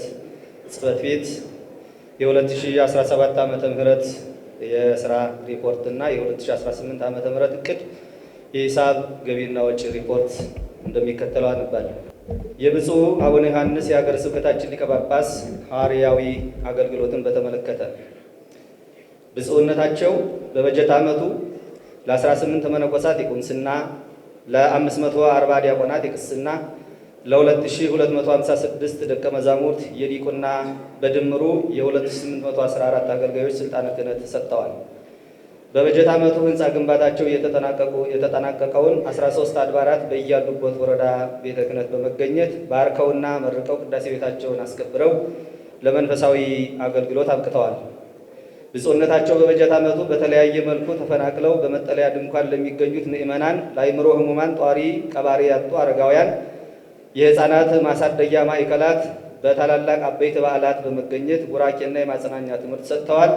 ምህረት ጽህፈት ቤት የ2017 ዓመተ ምህረት የስራ ሪፖርት እና የ2018 ዓመተ ምህረት እቅድ የሂሳብ ገቢና ወጪ ሪፖርት እንደሚከተለው አንባል። የብፁዕ አቡነ ዮሐንስ የሀገረ ስብከታችን ሊቀ ጳጳስ ሐዋርያዊ አገልግሎትን በተመለከተ ብፁዕነታቸው በበጀት ዓመቱ ለ18 መነኮሳት የቁምስና፣ ለ540 ዲያቆናት የቅስና ለ2256 ደቀ መዛሙርት የዲቁና በድምሩ የ2814 አገልጋዮች ስልጣነ ክህነት ሰጥተዋል። በበጀት ዓመቱ ህንፃ ግንባታቸው የተጠናቀቀውን 13 አድባራት በያሉበት ወረዳ ቤተ ክህነት በመገኘት ባርከውና መርቀው ቅዳሴ ቤታቸውን አስከብረው ለመንፈሳዊ አገልግሎት አብቅተዋል። ብፁዕነታቸው በበጀት ዓመቱ በተለያየ መልኩ ተፈናቅለው በመጠለያ ድንኳን ለሚገኙት ምዕመናን፣ ለአይምሮ ህሙማን፣ ጧሪ ቀባሪ ያጡ አረጋውያን የህፃናት ማሳደጊያ ማዕከላት በታላላቅ አበይት በዓላት በመገኘት ቡራኬና የማጽናኛ ትምህርት ሰጥተዋል፣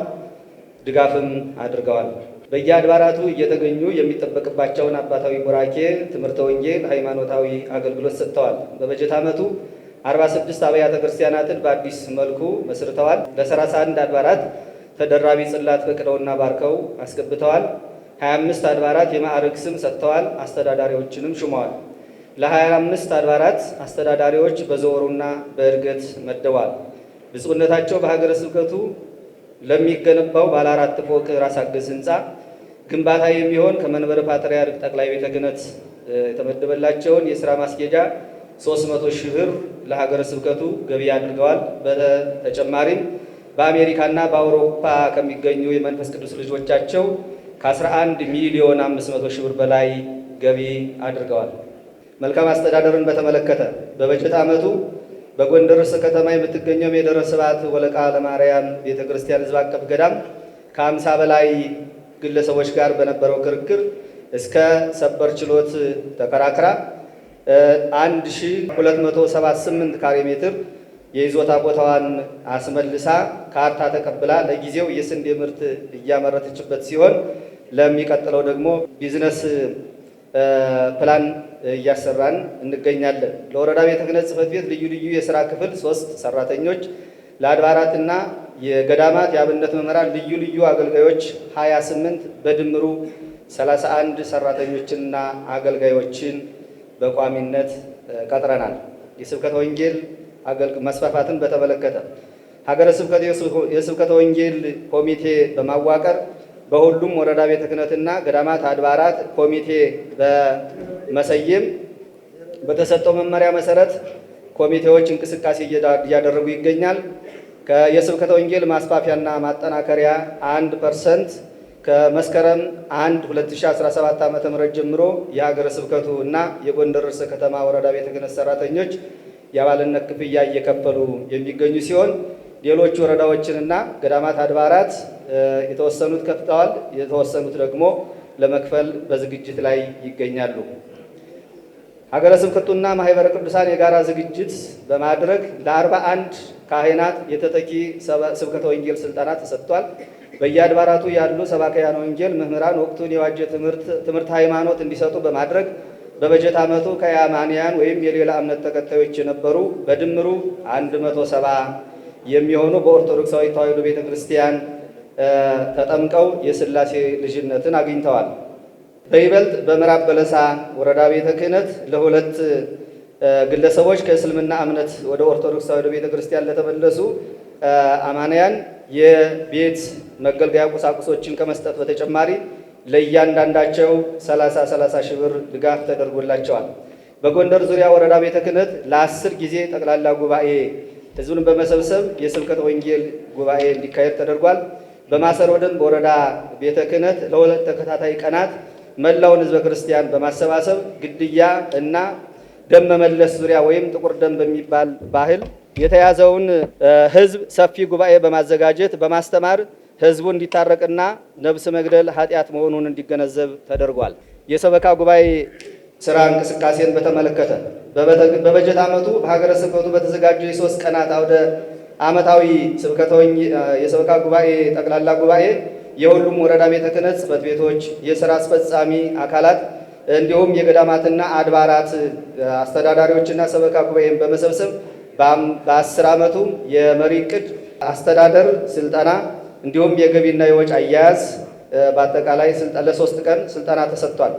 ድጋፍም አድርገዋል። በየአድባራቱ እየተገኙ የሚጠበቅባቸውን አባታዊ ቡራኬ፣ ትምህርተ ወንጌል፣ ሃይማኖታዊ አገልግሎት ሰጥተዋል። በበጀት ዓመቱ 46 አብያተ ክርስቲያናትን በአዲስ መልኩ መስርተዋል። ለ31 አድባራት ተደራቢ ጽላት ፈቅደውና ባርከው አስገብተዋል። 25 አድባራት የማዕረግ ስም ሰጥተዋል። አስተዳዳሪዎችንም ሹመዋል። ለ25 አድባራት አስተዳዳሪዎች በዘወሩና በእድገት መደዋል። ብፁዕነታቸው በሀገረ ስብከቱ ለሚገነባው ባለ አራት ፎቅ ራስ አገዝ ህንፃ ግንባታ የሚሆን ከመንበረ ፓትርያርክ ጠቅላይ ቤተ ክህነት የተመደበላቸውን የስራ ማስኬጃ 300 ሺህ ብር ለሀገረ ስብከቱ ገቢ አድርገዋል። በተጨማሪም በአሜሪካና በአውሮፓ ከሚገኙ የመንፈስ ቅዱስ ልጆቻቸው ከ11 ሚሊዮን 500 ሺህ ብር በላይ ገቢ አድርገዋል። መልካም አስተዳደርን በተመለከተ በበጀት ዓመቱ በጎንደር ርዕሰ ከተማ የምትገኘው የደብረ ስብሐት ወለቃ ለማርያም ቤተ ክርስቲያን ሕዝብ አቀፍ ገዳም ከአምሳ በላይ ግለሰቦች ጋር በነበረው ክርክር እስከ ሰበር ችሎት ተከራክራ 1278 ካሬ ሜትር የይዞታ ቦታዋን አስመልሳ ካርታ ተቀብላ ለጊዜው የስንዴ ምርት እያመረተችበት ሲሆን ለሚቀጥለው ደግሞ ቢዝነስ ፕላን እያሰራን እንገኛለን። ለወረዳ ቤተ ክህነት ጽሕፈት ቤት ልዩ ልዩ የስራ ክፍል ሶስት ሰራተኞች፣ ለአድባራትና የገዳማት የአብነት መምህራን ልዩ ልዩ አገልጋዮች 28 በድምሩ 31 ሰራተኞችንና አገልጋዮችን በቋሚነት ቀጥረናል። የስብከተ ወንጌል መስፋፋትን በተመለከተ ሀገረ ስብከት የስብከተ ወንጌል ኮሚቴ በማዋቀር በሁሉም ወረዳ ቤተ ክህነትና ገዳማት አድባራት ኮሚቴ በመሰየም በተሰጠው መመሪያ መሰረት ኮሚቴዎች እንቅስቃሴ እያደረጉ ይገኛል። የስብከተ ወንጌል ማስፋፊያና ማጠናከሪያ አንድ ፐርሰንት ከመስከረም 1 2017 ም ጀምሮ የሀገረ ስብከቱ እና የጎንደር ርዕሰ ከተማ ወረዳ ቤተ ክህነት ሰራተኞች የአባልነት ክፍያ እየከፈሉ የሚገኙ ሲሆን ሌሎች ወረዳዎችንና ገዳማት አድባራት የተወሰኑት ከፍተዋል፣ የተወሰኑት ደግሞ ለመክፈል በዝግጅት ላይ ይገኛሉ። ሀገረ ስብከቱና ማህበረ ቅዱሳን የጋራ ዝግጅት በማድረግ ለአርባ አንድ ካህናት የተጠቂ ስብከተ ወንጌል ስልጠና ተሰጥቷል። በየአድባራቱ ያሉ ሰባክያነ ወንጌል መምህራን ወቅቱን የዋጀ ትምህርት ሃይማኖት እንዲሰጡ በማድረግ በበጀት ዓመቱ ከያማንያን ወይም የሌላ እምነት ተከታዮች የነበሩ በድምሩ 170 የሚሆኑ በኦርቶዶክሳዊ ተዋሕዶ ቤተ ክርስቲያን ተጠምቀው የስላሴ ልጅነትን አግኝተዋል። በይበልጥ በምዕራብ በለሳ ወረዳ ቤተ ክህነት ለሁለት ግለሰቦች ከእስልምና እምነት ወደ ኦርቶዶክስ ተዋሕዶ ቤተ ክርስቲያን ለተመለሱ አማንያን የቤት መገልገያ ቁሳቁሶችን ከመስጠት በተጨማሪ ለእያንዳንዳቸው 30 30 ሺህ ብር ድጋፍ ተደርጎላቸዋል። በጎንደር ዙሪያ ወረዳ ቤተ ክህነት ለአስር ጊዜ ጠቅላላ ጉባኤ ህዝቡን በመሰብሰብ የስብከት ወንጌል ጉባኤ እንዲካሄድ ተደርጓል። በማሰሮ ደንብ በወረዳ ቤተ ክህነት ለሁለት ተከታታይ ቀናት መላውን ህዝበ ክርስቲያን በማሰባሰብ ግድያ እና ደም መመለስ ዙሪያ ወይም ጥቁር ደም በሚባል ባህል የተያዘውን ህዝብ ሰፊ ጉባኤ በማዘጋጀት በማስተማር ህዝቡ እንዲታረቅና ነብስ መግደል ኃጢአት መሆኑን እንዲገነዘብ ተደርጓል። የሰበካ ጉባኤ ስራ እንቅስቃሴን በተመለከተ በበጀት ዓመቱ በሀገረ ስብከቱ በተዘጋጀ የሶስት ቀናት አውደ ዓመታዊ ስብከተወኝ የሰበካ ጉባኤ ጠቅላላ ጉባኤ የሁሉም ወረዳ ቤተ ክህነት ጽሕፈት ቤቶች፣ የስራ አስፈጻሚ አካላት እንዲሁም የገዳማትና አድባራት አስተዳዳሪዎችና ሰበካ ጉባኤን በመሰብሰብ በአስር አመቱ የመሪ ዕቅድ አስተዳደር ስልጠና እንዲሁም የገቢና የወጪ አያያዝ በአጠቃላይ ለሶስት ቀን ስልጠና ተሰጥቷል።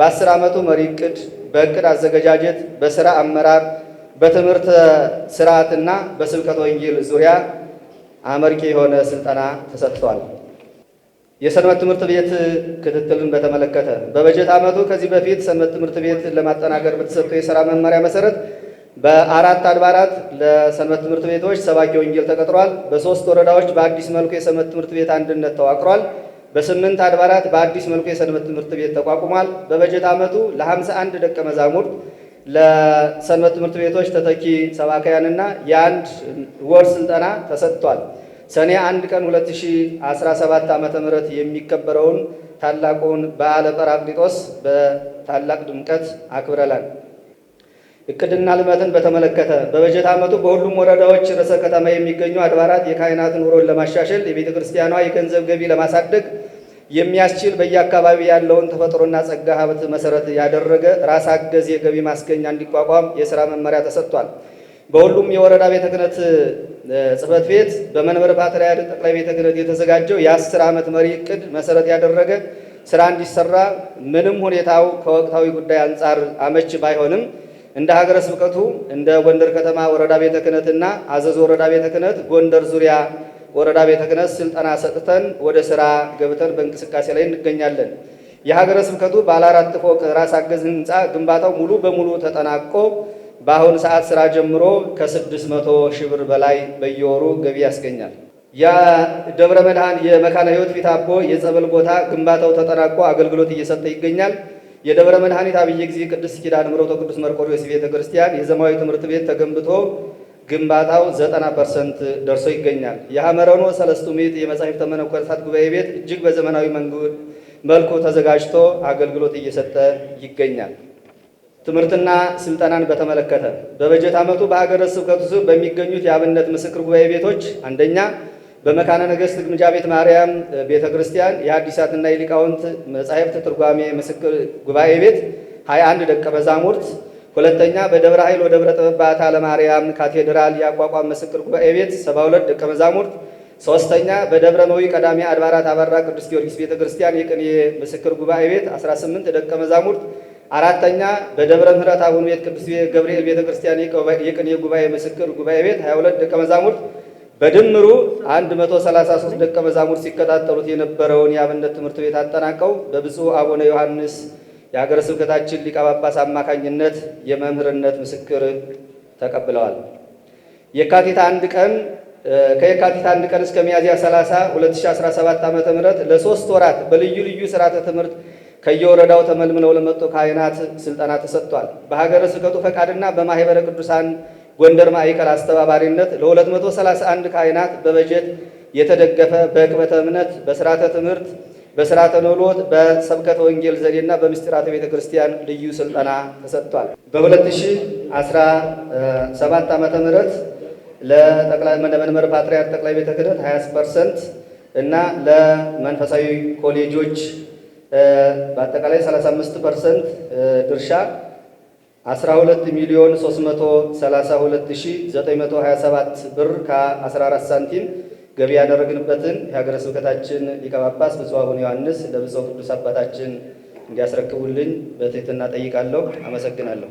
በአስር ዓመቱ መሪ እቅድ፣ በእቅድ አዘገጃጀት፣ በስራ አመራር፣ በትምህርት ስርዓትና በስብከት ወንጌል ዙሪያ አመርቂ የሆነ ስልጠና ተሰጥቷል። የሰንበት ትምህርት ቤት ክትትልን በተመለከተ በበጀት ዓመቱ ከዚህ በፊት ሰንበት ትምህርት ቤት ለማጠናከር በተሰጠው የስራ መመሪያ መሰረት በአራት አድባራት ለሰንበት ትምህርት ቤቶች ሰባኪ ወንጌል ተቀጥሯል። በሶስት ወረዳዎች በአዲስ መልኩ የሰንበት ትምህርት ቤት አንድነት ተዋቅሯል። በስምንት አድባራት በአዲስ መልኩ የሰንበት ትምህርት ቤት ተቋቁሟል። በበጀት ዓመቱ ለ51 ደቀ መዛሙርት ለሰንበት ትምህርት ቤቶች ተተኪ ሰባካያንና የአንድ ወር ስልጠና ተሰጥቷል። ሰኔ አንድ ቀን 2017 ዓ.ም የሚከበረውን ታላቁን በዓለ ጰራቅሊጦስ በታላቅ ድምቀት አክብረላል። እቅድና ልማትን በተመለከተ በበጀት ዓመቱ በሁሉም ወረዳዎች ርዕሰ ከተማ የሚገኙ አድባራት የካህናት ኑሮን ለማሻሸል የቤተ ክርስቲያኗ የገንዘብ ገቢ ለማሳደግ የሚያስችል በየአካባቢ ያለውን ተፈጥሮና ጸጋ ሀብት መሰረት ያደረገ ራስ አገዝ የገቢ ማስገኛ እንዲቋቋም የስራ መመሪያ ተሰጥቷል። በሁሉም የወረዳ ቤተ ክህነት ጽሕፈት ቤት በመንበረ ፓትርያርክ ጠቅላይ ቤተ ክህነት የተዘጋጀው የአስር ዓመት መሪ እቅድ መሰረት ያደረገ ስራ እንዲሰራ ምንም ሁኔታው ከወቅታዊ ጉዳይ አንጻር አመች ባይሆንም እንደ ሀገረ ስብከቱ እንደ ጎንደር ከተማ ወረዳ ቤተ ክህነትና አዘዞ ወረዳ ቤተ ክህነት፣ ጎንደር ዙሪያ ወረዳ ቤተ ክህነት ስልጠና ሰጥተን ወደ ስራ ገብተን በእንቅስቃሴ ላይ እንገኛለን። የሀገረ ስብከቱ ባለ አራት ፎቅ ራስ አገዝ ህንፃ ግንባታው ሙሉ በሙሉ ተጠናቆ በአሁኑ ሰዓት ስራ ጀምሮ ከ600 ሺህ ብር በላይ በየወሩ ገቢ ያስገኛል። የደብረ መድኃን የመካነ ሕይወት ፊት አቦ የጸበል ቦታ ግንባታው ተጠናቆ አገልግሎት እየሰጠ ይገኛል። የደብረ መድኃኒት አብየ ጊዜ ቅድስት ኪዳን ምሮቶ ቅዱስ መርቆሪዎስ ቤተ ክርስቲያን የዘማዊ ትምህርት ቤት ተገንብቶ ግንባታው 90 ፐርሰንት ደርሶ ይገኛል። የሐመረኖ ሰለስቱ ምዕት የመጻሕፍተ መነኮሳት ጉባኤ ቤት እጅግ በዘመናዊ መልኩ ተዘጋጅቶ አገልግሎት እየሰጠ ይገኛል። ትምህርትና ስልጠናን በተመለከተ በበጀት ዓመቱ በሀገረ ስብከቱ ስር በሚገኙት የአብነት ምስክር ጉባኤ ቤቶች አንደኛ በመካነ ነገሥት ግምጃ ቤት ማርያም ቤተ ክርስቲያን የሐዲሳትና የሊቃውንት መጻሕፍት ትርጓሜ ምስክር ጉባኤ ቤት 21 ደቀ መዛሙርት፣ ሁለተኛ በደብረ ኃይል ወደብረ ጥበባት አለማርያም ካቴድራል የአቋቋም ምስክር ጉባኤ ቤት 72 ደቀ መዛሙርት፣ ሶስተኛ በደብረ መዊ ቀዳሚ አድባራት አበራ ቅዱስ ጊዮርጊስ ቤተ ክርስቲያን የቅኔ ምስክር ጉባኤ ቤት 18 ደቀ መዛሙርት አራተኛ በደብረ ምሕረት አቡነ ቤት ቅዱስ ገብርኤል ቤተ ክርስቲያን የቅኔ ጉባኤ ምስክር ጉባኤ ቤት 22 ደቀ መዛሙርት በድምሩ 133 ደቀ መዛሙርት ሲከታተሉት የነበረውን የአብነት ትምህርት ቤት አጠናቀው በብፁዕ አቡነ ዮሐንስ የሀገረ ስብከታችን ሊቀ ጳጳስ አማካኝነት የመምህርነት ምስክር ተቀብለዋል። የካቲት አንድ ቀን ከየካቲት አንድ ቀን እስከ ሚያዝያ 30 2017 ዓ.ም ለሶስት ወራት በልዩ ልዩ ስርዓተ ትምህርት ከየወረዳው ተመልምለው ለመጡ ካህናት ስልጠና ተሰጥቷል። በሀገረ ስብከቱ ፈቃድና በማህበረ ቅዱሳን ጎንደር ማዕከል አስተባባሪነት ለ231 ካህናት በበጀት የተደገፈ በሕቅበተ እምነት፣ በስርዓተ ትምህርት፣ በስርዓተ ኖሎት፣ በሰብከተ ወንጌል ዘዴና በምስጢራተ ቤተ ክርስቲያን ልዩ ስልጠና ተሰጥቷል። በ2017 ዓ ም ለጠቅላይ ለመንበረ ፓትርያርክ ጠቅላይ ቤተ ክህነት 20 ፐርሰንት እና ለመንፈሳዊ ኮሌጆች በአጠቃላይ 35 ፐርሰንት ድርሻ 12 ሚሊዮን 332927 ብር ከ14 ሳንቲም ገቢ ያደረግንበትን የሀገረ ስብከታችን ሊቀ ጳጳስ ብፁዕ አቡነ ዮሐንስ ለብፁዕ ቅዱስ አባታችን እንዲያስረክቡልኝ በትህትና ጠይቃለሁ። አመሰግናለሁ።